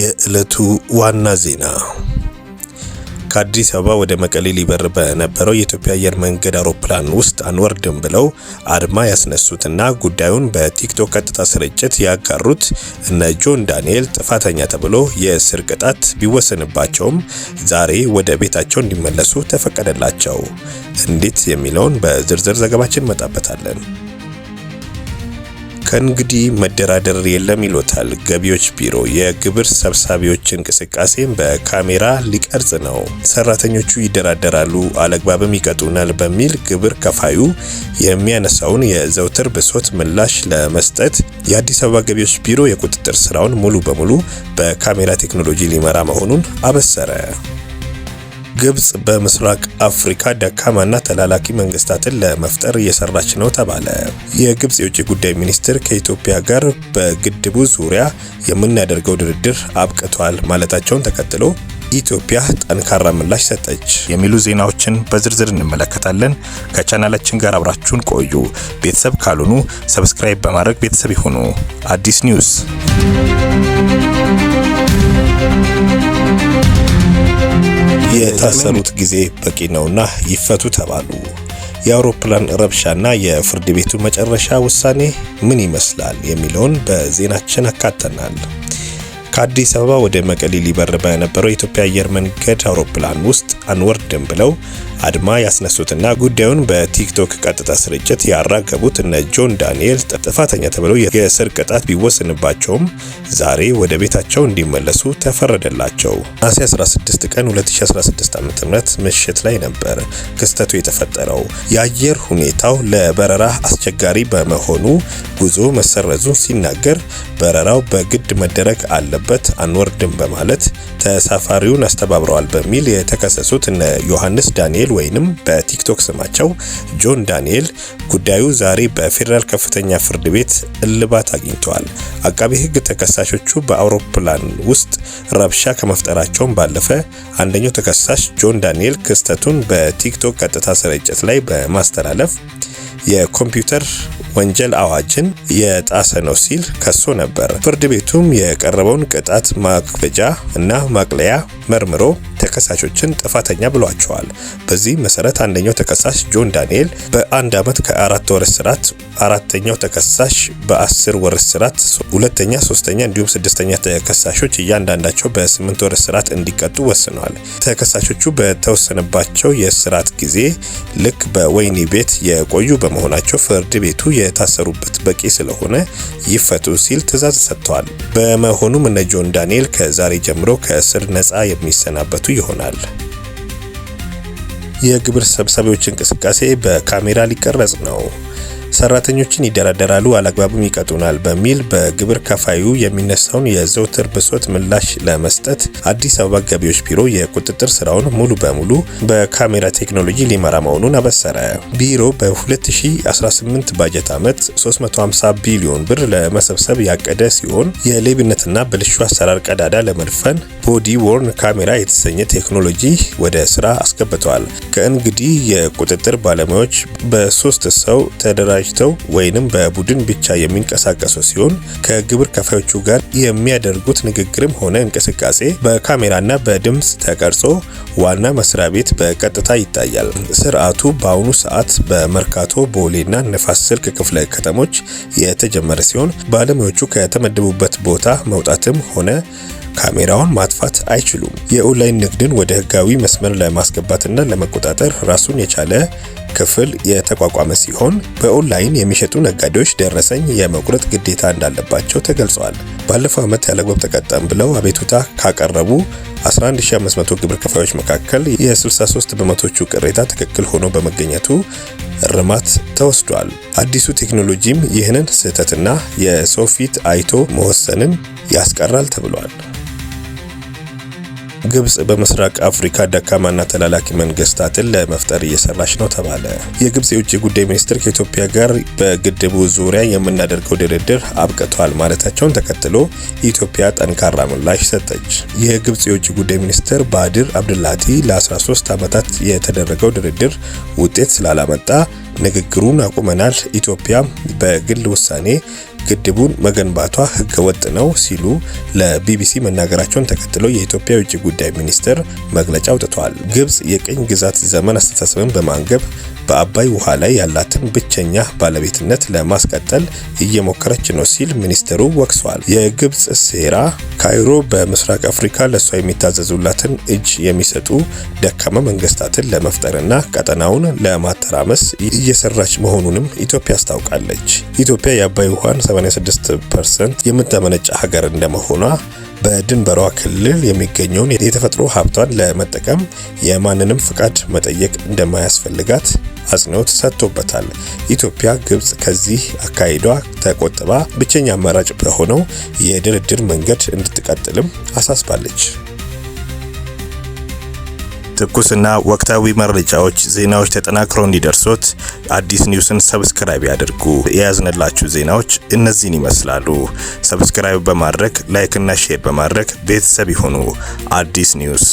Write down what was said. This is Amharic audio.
የዕለቱ ዋና ዜና ከአዲስ አበባ ወደ መቀሌ ሊበር በነበረው የኢትዮጵያ አየር መንገድ አውሮፕላን ውስጥ አንወርድም ብለው አድማ ያስነሱትና ጉዳዩን በቲክቶክ ቀጥታ ስርጭት ያጋሩት እነ ጆን ዳንኤል ጥፋተኛ ተብሎ የእስር ቅጣት ቢወሰንባቸውም ዛሬ ወደ ቤታቸው እንዲመለሱ ተፈቀደላቸው። እንዴት የሚለውን በዝርዝር ዘገባችን እንመጣበታለን። ከእንግዲህ መደራደር የለም ይሎታል ገቢዎች ቢሮ። የግብር ሰብሳቢዎች እንቅስቃሴን በካሜራ ሊቀርጽ ነው። ሰራተኞቹ ይደራደራሉ፣ አለግባብም ይቀጡናል በሚል ግብር ከፋዩ የሚያነሳውን የዘውትር ብሶት ምላሽ ለመስጠት የአዲስ አበባ ገቢዎች ቢሮ የቁጥጥር ስራውን ሙሉ በሙሉ በካሜራ ቴክኖሎጂ ሊመራ መሆኑን አበሰረ። ግብጽ በምስራቅ አፍሪካ ደካማና ተላላኪ መንግስታትን ለመፍጠር እየሰራች ነው ተባለ። የግብጽ የውጭ ጉዳይ ሚኒስትር ከኢትዮጵያ ጋር በግድቡ ዙሪያ የምናደርገው ድርድር አብቅቷል ማለታቸውን ተከትሎ ኢትዮጵያ ጠንካራ ምላሽ ሰጠች የሚሉ ዜናዎችን በዝርዝር እንመለከታለን። ከቻናላችን ጋር አብራችሁን ቆዩ። ቤተሰብ ካልሆኑ ሰብስክራይብ በማድረግ ቤተሰብ ይሁኑ። አዲስ ኒውስ የታሰሩት ጊዜ በቂ ነውና ይፈቱ ተባሉ። የአውሮፕላን ረብሻና የፍርድ ቤቱ መጨረሻ ውሳኔ ምን ይመስላል የሚለውን በዜናችን አካተናል። ከአዲስ አበባ ወደ መቀሌ ሊበር በነበረው የኢትዮጵያ አየር መንገድ አውሮፕላን ውስጥ አንወርድም ብለው አድማ ያስነሱትና ጉዳዩን በቲክቶክ ቀጥታ ስርጭት ያራገቡት እነ ጆን ዳንኤል ጥፋተኛ ተብለው የእስር ቅጣት ቢወሰንባቸውም ዛሬ ወደ ቤታቸው እንዲመለሱ ተፈረደላቸው። ነሐሴ 16 ቀን 2016 ዓ.ም ምሽት ላይ ነበር ክስተቱ የተፈጠረው። የአየር ሁኔታው ለበረራ አስቸጋሪ በመሆኑ ጉዞ መሰረዙን ሲናገር በረራው በግድ መደረግ አለበት አንወርድም በማለት ተሳፋሪውን አስተባብረዋል በሚል የተከሰሱት እነ ዮሐንስ ዳንኤል ዳንኤል ወይንም በቲክቶክ ስማቸው ጆን ዳንኤል ጉዳዩ ዛሬ በፌዴራል ከፍተኛ ፍርድ ቤት እልባት አግኝተዋል። አቃቢ ሕግ ተከሳሾቹ በአውሮፕላን ውስጥ ረብሻ ከመፍጠራቸውም ባለፈ አንደኛው ተከሳሽ ጆን ዳንኤል ክስተቱን በቲክቶክ ቀጥታ ስርጭት ላይ በማስተላለፍ የኮምፒውተር ወንጀል አዋጅን የጣሰ ነው ሲል ከሶ ነበር። ፍርድ ቤቱም የቀረበውን ቅጣት ማክበጃ እና ማቅለያ መርምሮ ተከሳሾችን ጥፋተኛ ብሏቸዋል። በዚህ መሰረት አንደኛው ተከሳሽ ጆን ዳንኤል በአንድ ዓመት ከአራት ወር እስራት፣ አራተኛው ተከሳሽ በአስር ወር እስራት፣ ሁለተኛ፣ ሶስተኛ እንዲሁም ስድስተኛ ተከሳሾች እያንዳንዳቸው በስምንት ወር እስራት እንዲቀጡ ወስነዋል። ተከሳሾቹ በተወሰነባቸው የእስራት ጊዜ ልክ በወህኒ ቤት የቆዩ በመሆናቸው ፍርድ ቤቱ የታሰሩበት በቂ ስለሆነ ይፈቱ ሲል ትዕዛዝ ሰጥተዋል። በመሆኑም እነ ጆን ዳንኤል ከዛሬ ጀምሮ ከእስር ነጻ የሚሰናበቱ ይሆናል። የግብር ሰብሳቢዎች እንቅስቃሴ በካሜራ ሊቀረጽ ነው። ሰራተኞችን ይደራደራሉ፣ አላግባብም ይቀጡናል በሚል በግብር ከፋዩ የሚነሳውን የዘውትር ብሶት ምላሽ ለመስጠት አዲስ አበባ ገቢዎች ቢሮ የቁጥጥር ስራውን ሙሉ በሙሉ በካሜራ ቴክኖሎጂ ሊመራ መሆኑን አበሰረ። ቢሮ በ2018 ባጀት ዓመት 350 ቢሊዮን ብር ለመሰብሰብ ያቀደ ሲሆን የሌብነትና ብልሹ አሰራር ቀዳዳ ለመድፈን ቦዲ ወርን ካሜራ የተሰኘ ቴክኖሎጂ ወደ ስራ አስገብተዋል። ከእንግዲህ የቁጥጥር ባለሙያዎች በሶስት ሰው ተደራጅ ተደራጅተው ወይንም በቡድን ብቻ የሚንቀሳቀሱ ሲሆን ከግብር ከፋዮቹ ጋር የሚያደርጉት ንግግርም ሆነ እንቅስቃሴ በካሜራና በድምፅ ተቀርጾ ዋና መስሪያ ቤት በቀጥታ ይታያል። ስርዓቱ በአሁኑ ሰዓት በመርካቶ ቦሌና ነፋስ ስልክ ክፍለ ከተሞች የተጀመረ ሲሆን ባለሙያዎቹ ከተመደቡበት ቦታ መውጣትም ሆነ ካሜራውን ማጥፋት አይችሉም። የኦንላይን ንግድን ወደ ህጋዊ መስመር ለማስገባትና ለመቆጣጠር ራሱን የቻለ ክፍል የተቋቋመ ሲሆን በኦንላይን የሚሸጡ ነጋዴዎች ደረሰኝ የመቁረጥ ግዴታ እንዳለባቸው ተገልጿል። ባለፈው ዓመት ያለግባብ ተቀጠም ብለው አቤቱታ ካቀረቡ 11500 ግብር ከፋዮች መካከል የ63 በመቶቹ ቅሬታ ትክክል ሆኖ በመገኘቱ እርማት ተወስዷል። አዲሱ ቴክኖሎጂም ይህንን ስህተትና የሰው ፊት አይቶ መወሰንን ያስቀራል ተብሏል። ግብጽ በምስራቅ አፍሪካ ደካማና ተላላኪ መንግስታትን ለመፍጠር እየሰራች ነው ተባለ። የግብጽ የውጭ ጉዳይ ሚኒስትር ከኢትዮጵያ ጋር በግድቡ ዙሪያ የምናደርገው ድርድር አብቅቷል ማለታቸውን ተከትሎ ኢትዮጵያ ጠንካራ ምላሽ ሰጠች። የግብጽ የውጭ ጉዳይ ሚኒስትር ባድር አብድላቲ ለ13 ዓመታት የተደረገው ድርድር ውጤት ስላላመጣ ንግግሩን አቁመናል፣ ኢትዮጵያ በግል ውሳኔ ግድቡን መገንባቷ ህገወጥ ነው ሲሉ ለቢቢሲ መናገራቸውን ተከትሎ የኢትዮጵያ የውጭ ጉዳይ ሚኒስትር መግለጫ አውጥተዋል። ግብጽ የቅኝ ግዛት ዘመን አስተሳሰብን በማንገብ በአባይ ውሃ ላይ ያላትን ብቸኛ ባለቤትነት ለማስቀጠል እየሞከረች ነው ሲል ሚኒስትሩ ወክሷል። የግብጽ ሴራ ካይሮ በምስራቅ አፍሪካ ለእሷ የሚታዘዙላትን እጅ የሚሰጡ ደካማ መንግስታትን ለመፍጠርና ቀጠናውን ለማተራመስ እየሰራች መሆኑንም ኢትዮጵያ አስታውቃለች። ኢትዮጵያ የአባይ ውሃን 76 ፐርሰንት የምታመነጫ ሀገር እንደመሆኗ በድንበሯ ክልል የሚገኘውን የተፈጥሮ ሀብቷን ለመጠቀም የማንንም ፍቃድ መጠየቅ እንደማያስፈልጋት አጽንኦት ሰጥቶበታል። ኢትዮጵያ ግብጽ ከዚህ አካሄዷ ተቆጥባ ብቸኛ አማራጭ በሆነው የድርድር መንገድ እንድትቀጥልም አሳስባለች። ትኩስና ወቅታዊ መረጃዎች፣ ዜናዎች ተጠናክረው እንዲደርሶት አዲስ ኒውስን ሰብስክራይብ ያድርጉ። የያዝንላችሁ ዜናዎች እነዚህን ይመስላሉ። ሰብስክራይብ በማድረግ ላይክና ሼር በማድረግ ቤተሰብ ይሁኑ። አዲስ ኒውስ